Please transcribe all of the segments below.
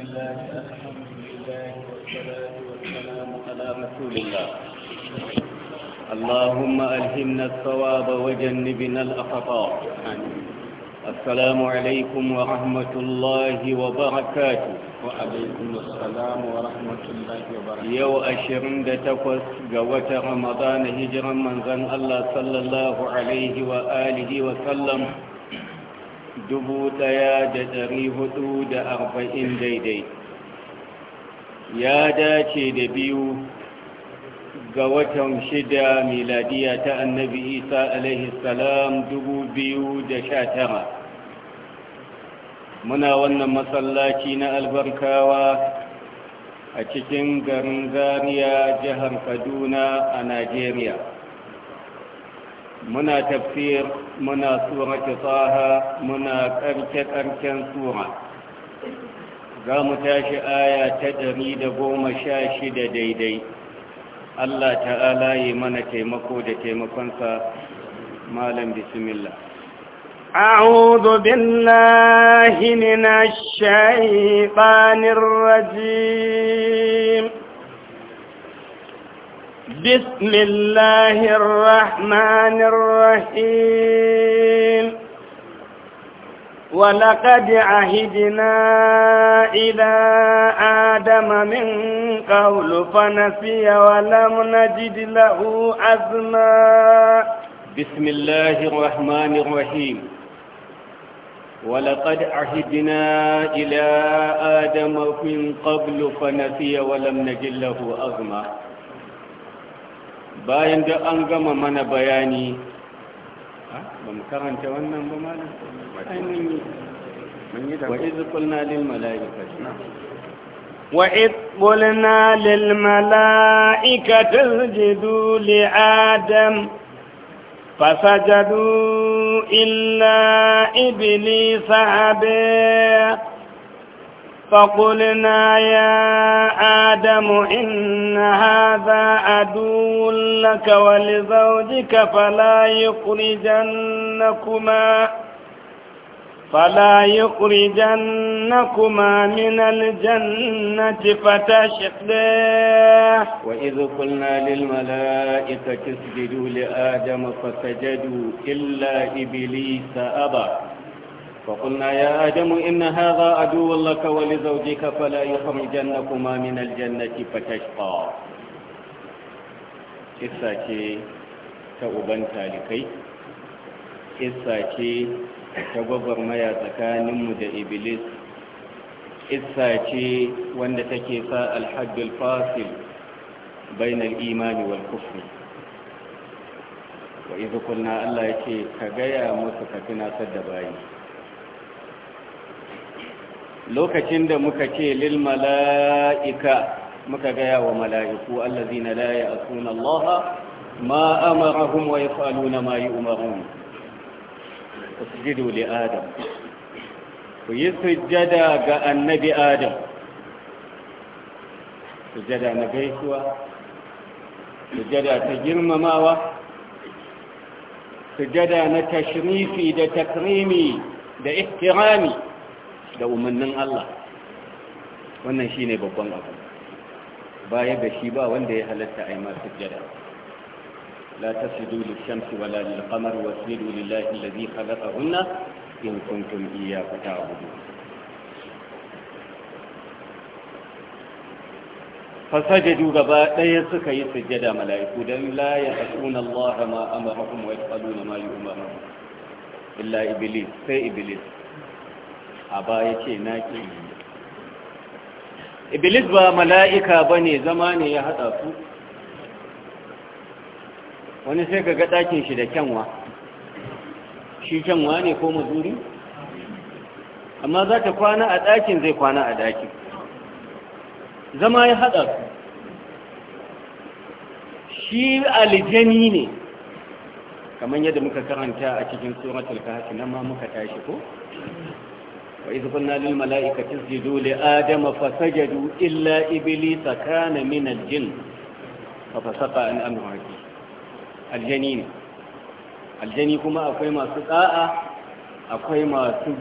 الله الحمد لله والصلاة والسلام على رسول الله اللهم ألهمنا الثواب وجنبنا الأخطاء السلام عليكم ورحمة الله وبركاته وعليكم السلام ورحمة الله وبركاته يو أشرم دتفس قوة رمضان هجرا من ذن الله صلى الله عليه وآله وسلم dubu ɗaya da dari hudu da arba'in daidai ya dace da biyu ga watan shida miladiya ta annabi isa alaihi salam dubu biyu da sha tara muna wannan masallaci na albarkawa a cikin garin zariya jihar kaduna a najeriya muna tafsir muna sura taha muna karshe karshen sura za mu tashi aya ta ɗari da goma sha shida daidai Allah ta'ala yi mana taimako da taimakonsa malam bismillah أعوذ بالله من الشيطان الرجيم بسم الله الرحمن الرحيم ولقد عهدنا إلى آدم من قول فنسي ولم نجد له عزما بسم الله الرحمن الرحيم ولقد عهدنا إلى آدم من قبل فنسي ولم نجد له عزما bayan da an gama mana bayani ba mu karanta wannan ba ma وإذ قلنا للملائكة اسجدوا لآدم فسجدوا إلا إبليس عبيه فقلنا يا آدم إن هذا عدو لك ولزوجك فلا يخرجنكما فلا يخرجنكما من الجنة فتشقى وإذ قلنا للملائكة اسجدوا لآدم فسجدوا إلا إبليس أبى فقلنا يا آدم إن هذا عدو لك ولزوجك فلا يخرجنكما من الجنة فتشقى kissa ce ta uban talikai kissa ce ta gwagwarmaya tsakaninmu da iblis kissa ce wanda take sa alhaddul fasil bainal imani wal kufri wa izu kulna Allah ce ka gaya musu ka tunatar da bayi lokacin da muka ce lil mala'ika muka gaya wa mala'iku na allazina la ya'suna Allah ma hun wa yaf'aluna ma yu'marun usjudu li adam ku yi sujada ga annabi adam sujada na gaisuwa sujada ta girmamawa sujada na tashrifi da takrimi da ihtirami da umarnin Allah wannan shi ne babban abu baya ga shi ba wanda ya halatta a yi masu jada la ta su dole shamsu wala lilkamar wasu lillahi lazi halaka hunna in kuntum iya fita a gudu fasajadu gaba ɗaya suka yi sujjada mala'iku don la ya hasuna Allah ma kuma amarahum wa yaquluna ma yu'marun illa iblis sai iblis a baya ce na ƙi iblis ba mala'ika ba ne zama ne ya haɗa su wani sai ka ga ɗakin shi da kyanwa shi kyanwa ne ko mazuri amma za ta kwana a ɗakin zai kwana a ɗakin zama ya haɗa su shi aljani ne kamar yadda muka karanta a cikin tsoron tulka nan ma muka tashi ko وإذ قلنا للملائكة اسجدوا لآدم فسجدوا إلا إبليس كان من الجن ففسق عن أمر الجنين aljani kuma akwai masu da'a akwai masu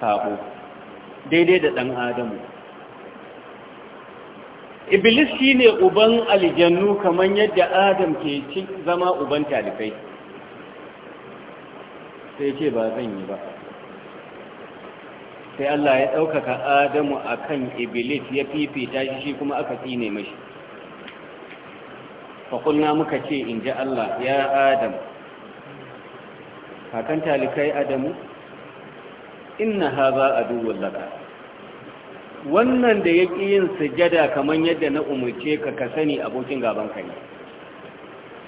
sabo daidai da ɗan adamu iblis shine uban aljannu kamar yadda adam ke zama uban talifai sai ce ba zan yi ba sai Allah ya ɗaukaka Adamu a kan Iblis ya fifita shi shi kuma aka tsine mashi Fakulna muka ce in ji Allah ya Adam hakan talikai Adamu inna a aduwwul laka wannan da ƙi yin sujada kamar yadda na umarce ka ka sani abokin gaban ka ne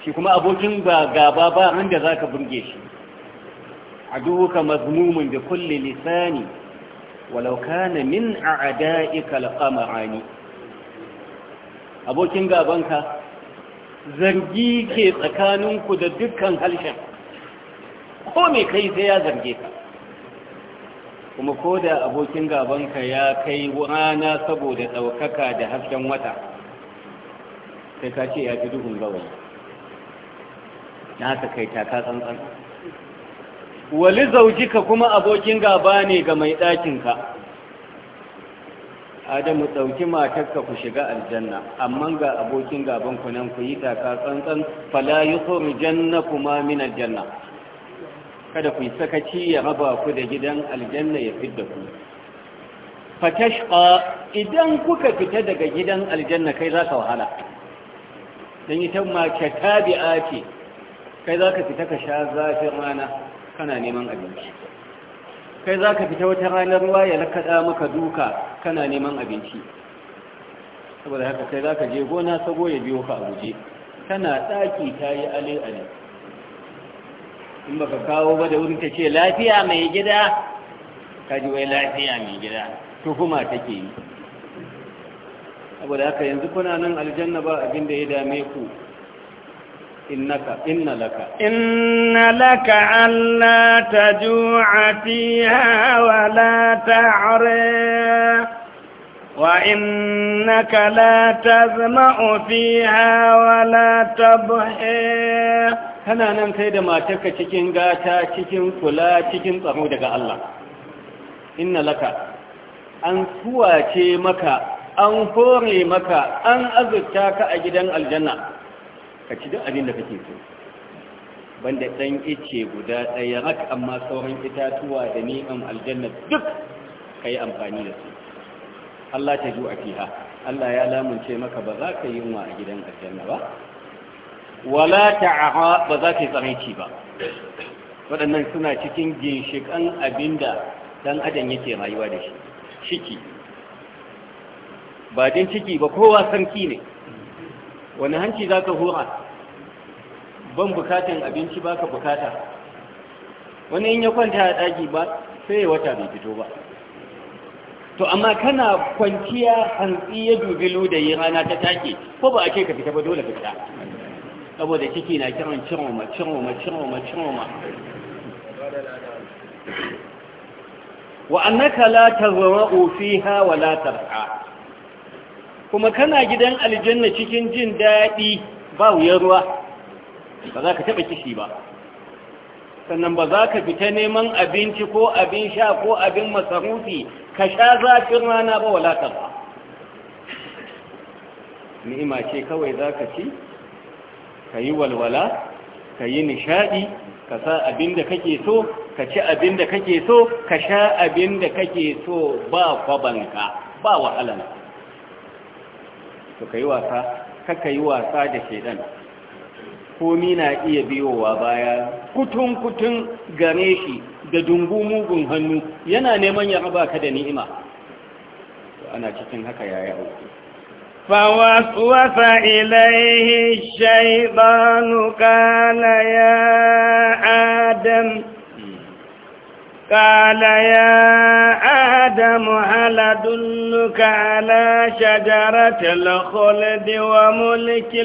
shi kuma abokin ba gaba ba inda za ka burge shi ka mazmumun da kulle lisani walau kana min a'da'ika al-qamarani abokin gabanka zargi ke tsakaninku da dukkan halshen ko me kai sai ya zarge ka kuma ko da abokin gabanka ya kai rana saboda ɗaukaka da hasken wata sai ka ce ya fi duhun gawayi na haka kai taka tsantsan wali zaujika kuma abokin gaba ne ga mai ɗakinka adamu ɗauki matarka ku shiga aljanna amma ga abokin gaban ku nan ku yi taka tsantsan fala yi janna kuma min aljanna kada ku yi sakaci ya raba ku da gidan aljanna ya fidda ku fatashka idan kuka fita daga gidan aljanna kai za ka wahala dan ita ta biya ce kai za ka fita ka sha zafin rana kana neman abinci kai za ka fita wata ranar ruwa ya lakada maka duka kana neman abinci saboda haka kai za ka je gona sabo ya biyo ka a guje tana ta yi ale-ale in ba ka kawo ba da wurin ta ce lafiya mai gida ka ji wai lafiya mai gida tuhuma take yi saboda haka yanzu kuna nan aljanna ba abin da ya dame ku إنك إن لك إن لك ألا تجوع فيها ولا تعري وإنك لا تزمع فيها ولا تبهي kana nan kai da matarka cikin gata cikin kula cikin tsaro daga Allah inna laka an suwace maka an hore maka an azurta ka a gidan aljanna ka ci duk abin da kake so banda ɗan ice guda ɗaya rak amma sauran itatuwa da ni'am aljanna duk ka yi amfani da su Allah ta zuwa fiha Allah ya lamunce maka ba za ka yi yunwa a gidan aljanna ba wala ta'aha ba za ka yi tsaraici ba waɗannan suna cikin ginshiƙan abin da ɗan adam yake rayuwa da shi ciki ba din ciki ba kowa sanki ne wani hanci za ka hura ban bukatan abinci baka bukata wani in ya kwanta a daki ba sai wata bai fito ba to amma kana kwanciya hantsi ya dubilu da yi rana ta take ko ba a ke ka fita ba dole ka fita saboda ciki na kiran ciroma ciroma ciroma ciroma wa annaka la tazra'u fiha wa la tar'a kuma kana gidan aljanna cikin jin daɗi ba wuyar ruwa ba za ka taɓa kishi ba sannan ba za ka fita neman abinci ko abin sha ko abin masarufi ka sha zafin rana ba walata ba ni'ima ce kawai za ka ci ka yi walwala ka yi nishaɗi ka sa abin da kake so ka ci abin da kake so ka sha abin da kake so ba kwabanka ba wahalanka to ka yi wasa ka yi wasa da shaidan komi na iya biyowa baya kutun-kutun gare shi da dungu mugun hannu yana neman ya raba ka da ni'ima ana cikin haka yaya auki فوسوس ilaihi الشيطان kana ya Adam. قال يا آدم هل أدلك على شجرة الخلد وملك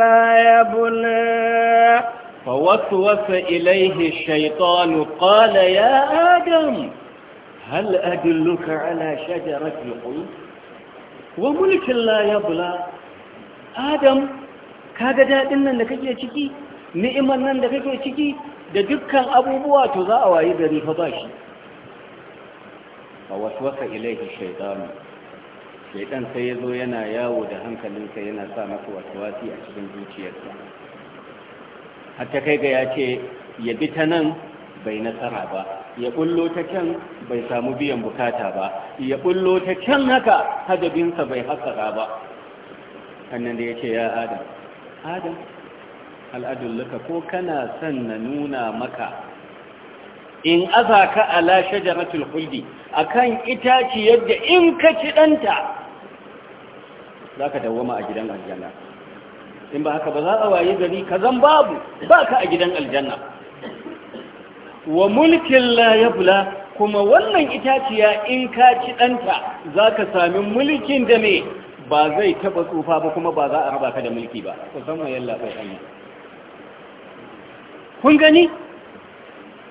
لا يبلى فوسوس إليه الشيطان قال يا آدم هل أدلك على شجرة الخلد وملك لا يبلى آدم كاغدا إننا كي يشكي ni'imar nan da kake ciki da dukkan abubuwa to za a wayi gari fa ba shi a wasa ilaihi shaitanu shaitan sai ya zo yana yawo da hankalinsa yana sa masa waswasi a cikin zuciyarsa hatta kai ga ya ce ya bi ta nan bai nasara ba ya bullo ta can bai samu biyan bukata ba ya bullo ta can haka hadabinsa bai hasara ba annan ya ce ya adam adam al'adulluka ko kana son na nuna maka in aza ka ala shajaratul huldi akan itaci yadda in ka ci danta zaka dawwama a gidan aljanna in ba haka ba za a waye gari ka zan babu ba ka a gidan aljanna wa mulkin la yabla kuma wannan itaciya in ka ci danta zaka sami mulkin da me ba zai taba tsufa ba kuma ba za a raba ka da mulki ba kusan san wayan labai kun gani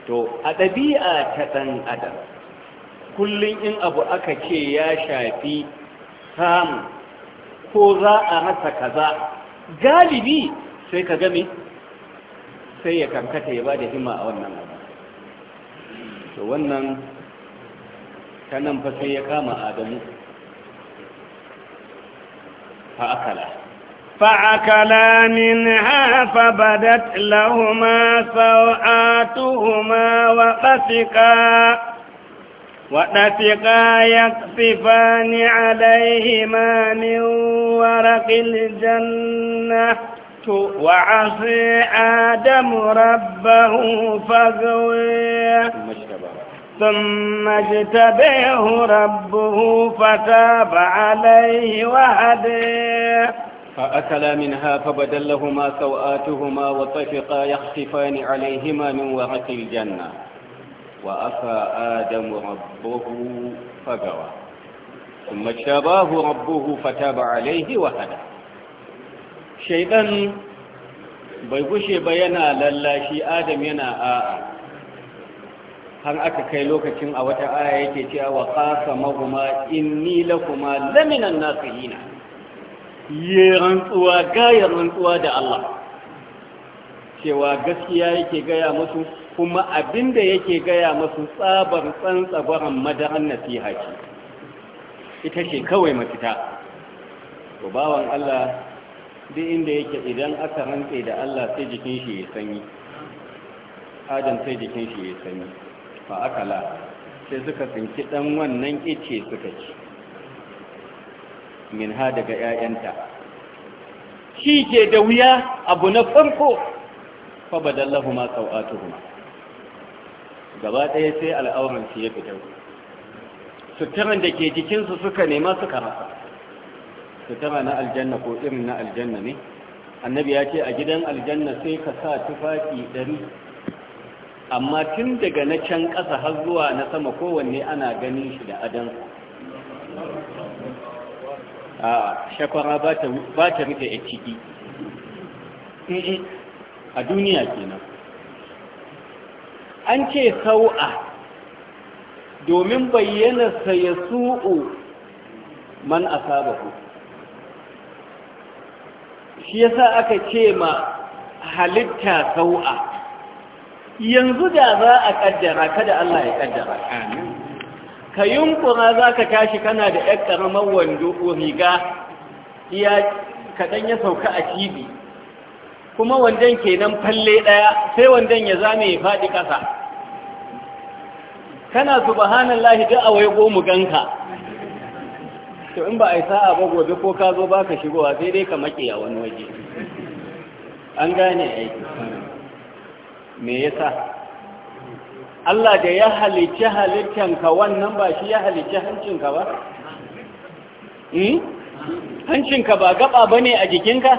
to a ɗabi'a ta ɗan adam kullum in abu aka ce ya shafi samu ko za a rasa kaza galibi sai ka game sai ya kankata ya ba da hima a wannan abu to wannan ta nan fa sai ya kama adamu fa akala فأكلا منها فبدت لهما سوآتهما وطفقا وطفقا يكففان عليهما من ورق الجنة وعصي آدم ربه فغويه ثم اجتبيه ربه فتاب عليه وهديه فأكلا منها فبدل لهما سوآتهما وطفقا يخصفان عليهما من ورق الجنة وأفى آدم ربه فغوى ثم اجتباه ربه فتاب عليه وهدى shaidan bai gushe ba yana lallashi adam yana a'a har aka kai lokacin a wata aya yake cewa wa qasa mahuma yi rantsuwa gayar rantsuwa da Allah cewa gaskiya yake gaya musu kuma abinda yake gaya musu tsabar tsantsabaran madaran nasiha ce ita ce kawai mafita to bawan Allah duk inda yake idan aka rantse da Allah sai jikin shi ya sanyi adam sai jikin shi ya sanyi fa akala sai suka tsinki dan wannan ice suka ci minha daga ‘ya'yanta shi ke da wuya abu na farko fa badallahu ma sau'atuhuma gaba ɗaya sai al'auransu ya fita suturan da ke jikinsu suka nema suka rasa sutura na aljanna ko irin na aljanna ne annabi ya ce a gidan aljanna sai ka sa tufafi ɗari amma tun daga na can ƙasa har zuwa na sama kowanne ana ganin shi da adansa a shakwara ba ta rufe ya ciki eh, eh, a duniya kenan an ce sau'a domin bayyanarsa ya su'u man asabahu shi yasa aka ce ma halitta sau'a yanzu da za a kaddara kada Allah ya kaddara ka yunkura za ka tashi kana da ‘yar ƙaramar wando ko riga Ya, kaɗan ya sauka a cibi kuma wandon kenan falle ɗaya sai wandon ya zame ya faɗi ƙasa kana su, lahi ta awai gomu ganka to in ba a yi sa'a ba gobe ko ka zo ba ka shigowa sai dai ka maƙe a wani waje an gane aiki me yasa Allah da ya halicci halittanka wannan ba shi ya halicci hancinka ba? Hmm? Hancinka ba gaba ba ne a jikinka?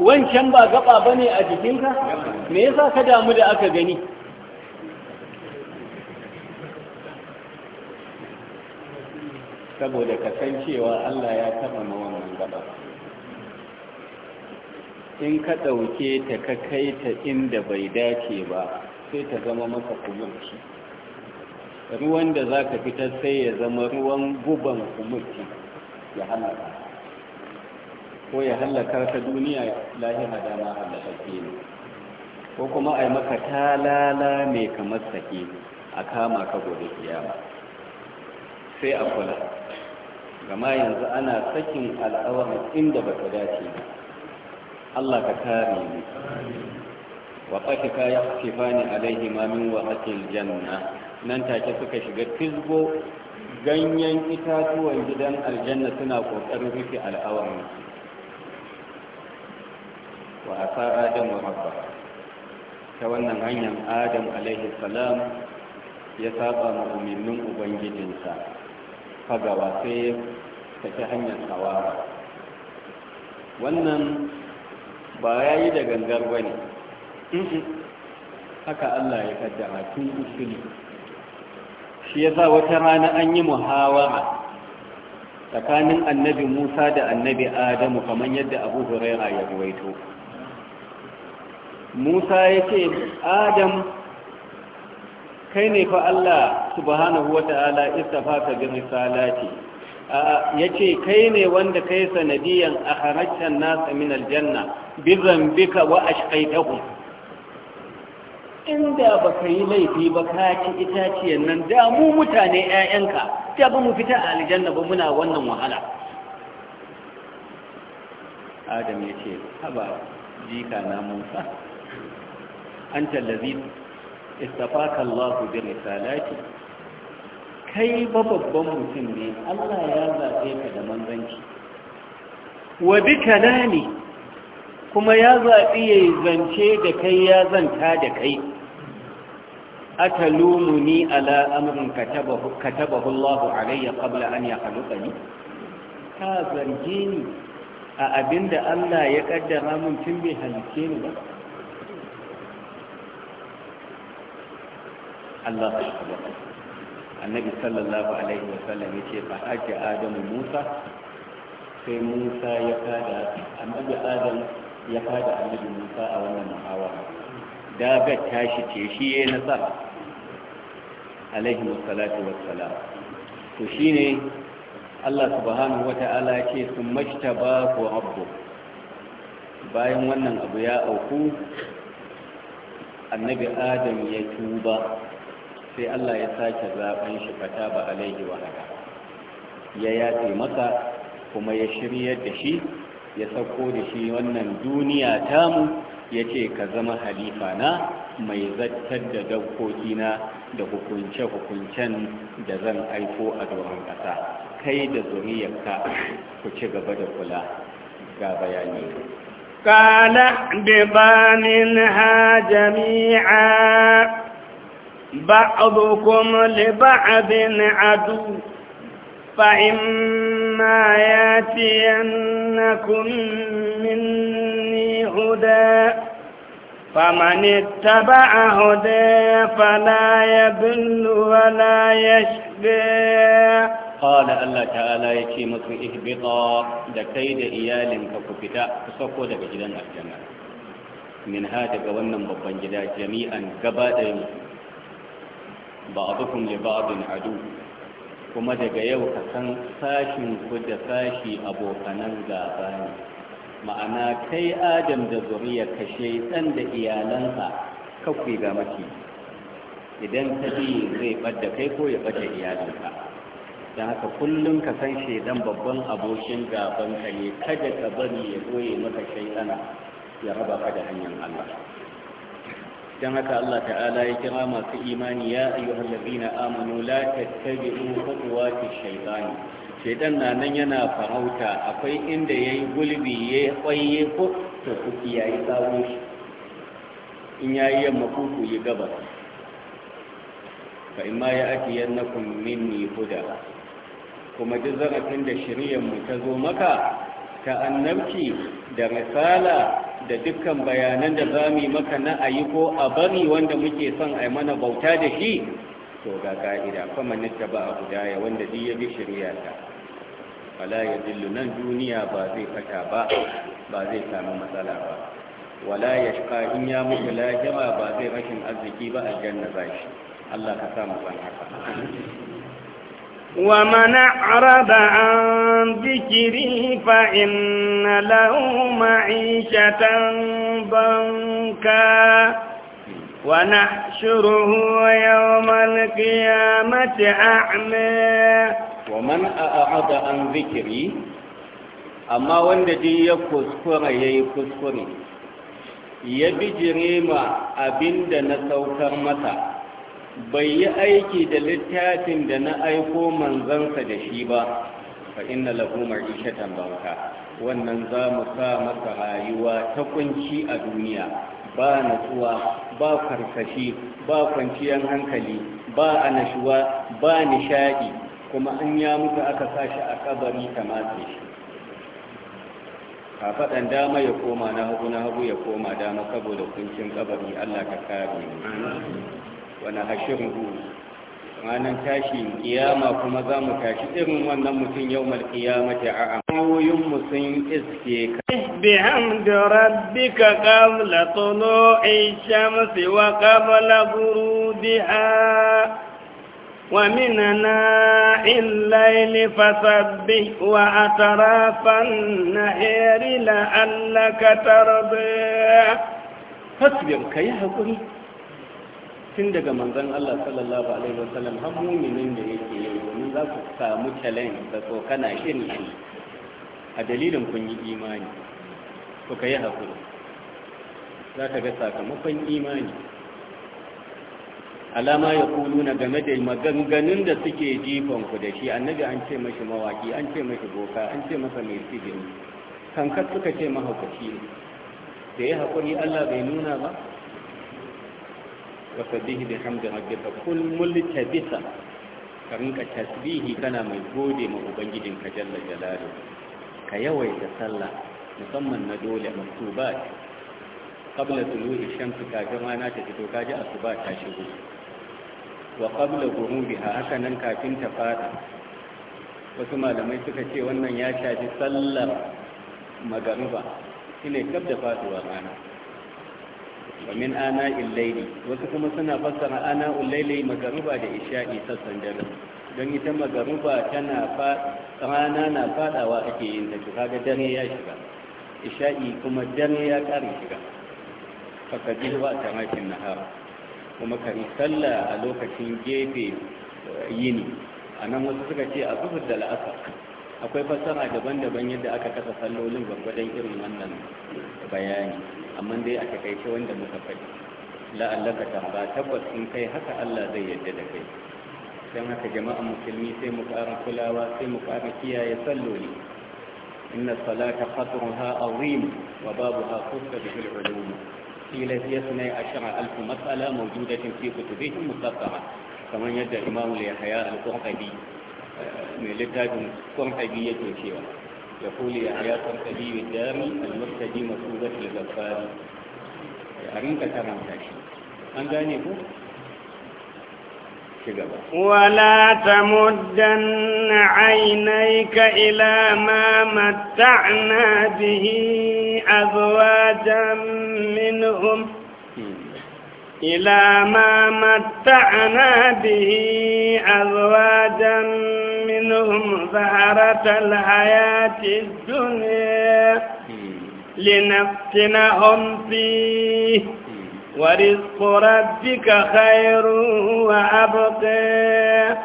Wancan ba gaba ba ne a jikinka? Me yasa ka damu da aka gani? Saboda kasancewa Allah ya taba ma wannan gaba. In ka ɗauke ta ka kai ta inda bai dace ba, sai ta zama maka kumurci ruwan da za ka fitar sai ya zama ruwan guban kumurci ya ba ko ya hallaka ta duniya lahira dama halakake ne ko kuma a yi maka talala mai kamar sake a kama ka gobe kiyama sai a kula gama yanzu ana sakin al'awar inda ba ta dace Allah ka kare ni وقتك يخففان عليهما من وقت الجنة ننتا suka shiga كذبو ganyen itatuwan gidan aljanna suna ƙoƙarin rufe al'awarin wa asa adam wa rabba ta wannan hanyar adam alaihi salam ya saba ma umarnin ubangijinsa fagawa sai ya tafi hanyar tsawara wannan ba ya yi da gangar ba ne Mhm. haka Allah ya kaddara tun usuli shi ya sa wata rana an yi muhawara tsakanin annabi Musa da annabi Adamu kamar yadda Abu Huraira ya ruwaito Musa ya ce Adam kai ne fa Allah subhanahu wata'ala istafaka bi risalati yace kai ne wanda kai sanadiyan akharajtan nas min aljanna bi dhanbika wa ashqaytahum inda ba ka yi laifi ba ka ci itaciyar nan da mu mutane 'ya'yanka ta ba mu fita a aljanna ba muna wannan wahala adam ya ce haba jika na musa an tallazi istafaka Allah da risalati kai ba babban mutum ne Allah ya zaɓe ka da manzanki wa bi ne kuma ya zaɓi ya yi zance da kai ya zanta da kai aka lumuni ala amurin taba Hullahu alayya qabla an ya ni? ka zarge ni a abinda Allah ya kaddara mun tun bai halice ni ba Allah annabi sallallahu alaihi wasallam ya ce ba hajji adamu musa sai musa ya kada annabi adamu ya fada annabi musa a wannan muhawara dagar tashi ce shi ya nasara alaihi wassalatu wassalam to shine Allah subhanahu wata'ala ce sun mashtaba ko rabbu bayan wannan abu ya auku annabi adam ya tuba sai Allah ya sake zaben shi fata ba alaihi wa ya yace maka kuma ya shiryar da shi ya sauko da shi wannan duniya tamu ya ce ka zama halifa na mai zartar da na da hukunce-hukuncen da zan aiko a doron ƙasa kai da zuriyarka ku ci gaba da kula ga bayani قال بضامنها جميعا abin لبعض adu فإما فإما ياتينكم مني هدى فمن اتبع هدى فلا يضل ولا يشقى قال الله تعالى يكي مكو اهبطا دكيد ايال كفتا فسوكو دك جدا الجنة من هذا قولنا مبان جدا جميعا قبائل بعضكم لبعض عدو kuma daga yau ka san sashin ku da sashi abokanan gaba ne ma'ana kai adam da zuriya ka shaitan da iyalansa kakwai ga maki idan ta ji zai bada kai ko ya bada iyalanka don haka kullum ka san shaidan babban abokin gabanka ne kada ka bari ya goye maka shaitana ya raba ka da hanyar Allah don haka Allah ta'ala ya kira masu imani ya ayyuhal ladina amanu la tattabi'u khutuwati shaytan Shaidan na nan yana farauta akwai inda yayi gulbi yayi kwaye ko to kuki yayi tsawo in yi yamma ku ku yi gaba fa imma ya atiyannakum minni huda kuma duk zarafin da shari'ar mu ta zo maka ta annabci da risala da dukkan bayanan da za mu maka na ayi ko a bari wanda muke son a mana bauta da shi to ga ka'ida kuma ta ba a gudaya wanda duk ya bi shari'a ta wala ya dillu nan duniya ba zai fata ba ba zai samu matsala ba wala ya shaka in ya mutu lajima ba zai rashin arziki ba aljanna ba shi Allah ka sa mu san haka ومن أعرض عن ذكري فإن له معيشة ضنكا ونحشره يوم القيامة أعمى ومن أعرض عن ذكري أما وندي يكسكر يكسكر يبجري ما أبند نسوكر متى bai yi aiki da littafin da na aiko manzansa da shi ba fa inna lahu ma'ishatan banka wannan za mu sa masa rayuwa ta kunci a duniya ba natsuwa ba karkashi ba kwanciyar hankali ba anashuwa ba nishadi kuma an ya muka aka sashi a kabari ta matse shi kafaɗan dama ya koma na hagu na hagu ya koma dama saboda kuncin kabari allah ka kare mu ونحشره ranar tashin kiyama kuma za mu tashi irin wannan mutum yau mal kiyamata a amoyin mu sun iske ka bi hamdu rabbika qabla tulu'i shamsi wa qabla ghurubiha wa minana ana'il layli fasabbi wa atrafan nahari la'allaka tarda fasbir kai hakuri tun daga manzan Allah sallallahu alaihi wasallam har muminin da yake yi domin za ku samu challenge da tsokana irin ne a dalilin kun yi imani Ku ka yi haƙuri. za ka ga sakamakon imani alama ya kulu na game da maganganun da suke ku da shi annabi an ce mashi mawaki an ce mashi boka an ce masa mai sigiri kankan suka ce mahaukaci ne da ya haƙuri allah bai nuna ba wasabihi bi hamdi rabbika kul mulka bisa ka rinka tasbihi kana mai gode ma ubangijin ka jalla jalalu ka yawaita sallah musamman na dole maktubat qabla tulu'i shamsi kafin rana ta fito kaji asuba ta shigo wa qabla ghurubiha haka nan kafin ta fada wasu malamai suka ce wannan ya shafi sallar magariba shine gab da faduwa rana ومن آناء الليل illaili wasu kuma suna fassara ana لإشاء magaruba da isha'i sassan dare don ita magaruba tana إن na fadawa ake yin كما kaga dare ya shiga isha'i kuma dare ya shiga kuma ka yi sallah a lokacin gefe eh, yini a nan wasu suka ce a zuhur da la'asar akwai fassara daban-daban yadda aka kasa sallolin gwargwadon irin wannan bayani amma dai kai takaice wanda muka faɗi la'allaka tamba tabbas in kai haka Allah zai yadda da kai don haka jama'an musulmi sai mu ƙara kulawa sai mu ƙara kiyaye salloli inna salata qadruha azim wa babuha khuffa bil ulum kila hiya sunai ashara alf mas'ala mawjudatin fi kutubihim musaffara kamar yadda imamu yahya al-qurtubi eh, mai littafin qurtubi yake cewa يقول يا قرطبي الدامي المرتدي مسودة الغفار أرنك كرامتا تاشي أن ذلك ولا تمدن عينيك إلى ما متعنا به أزواجا منهم إلى ما متعنا به أزواجا منهم زهرة الحياة الدنيا لنفتنهم فيه ورزق ربك خير وأبقى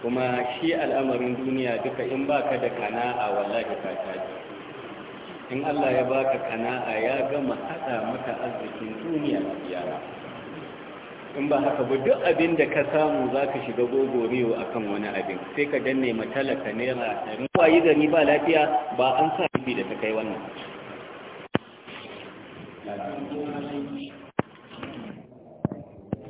kuma shi al'amarin duniya duka in baka da kana a wallahi ka tashi in Allah ya baka kana'a ya gama hada maka arzikin duniya da biyara in ba haka ba duk abin da ka samu zaka shiga gogorewa akan wani abin sai ka danne matalaka naira ɗari wayi gari ba lafiya ba an sa rufi da ta kai wannan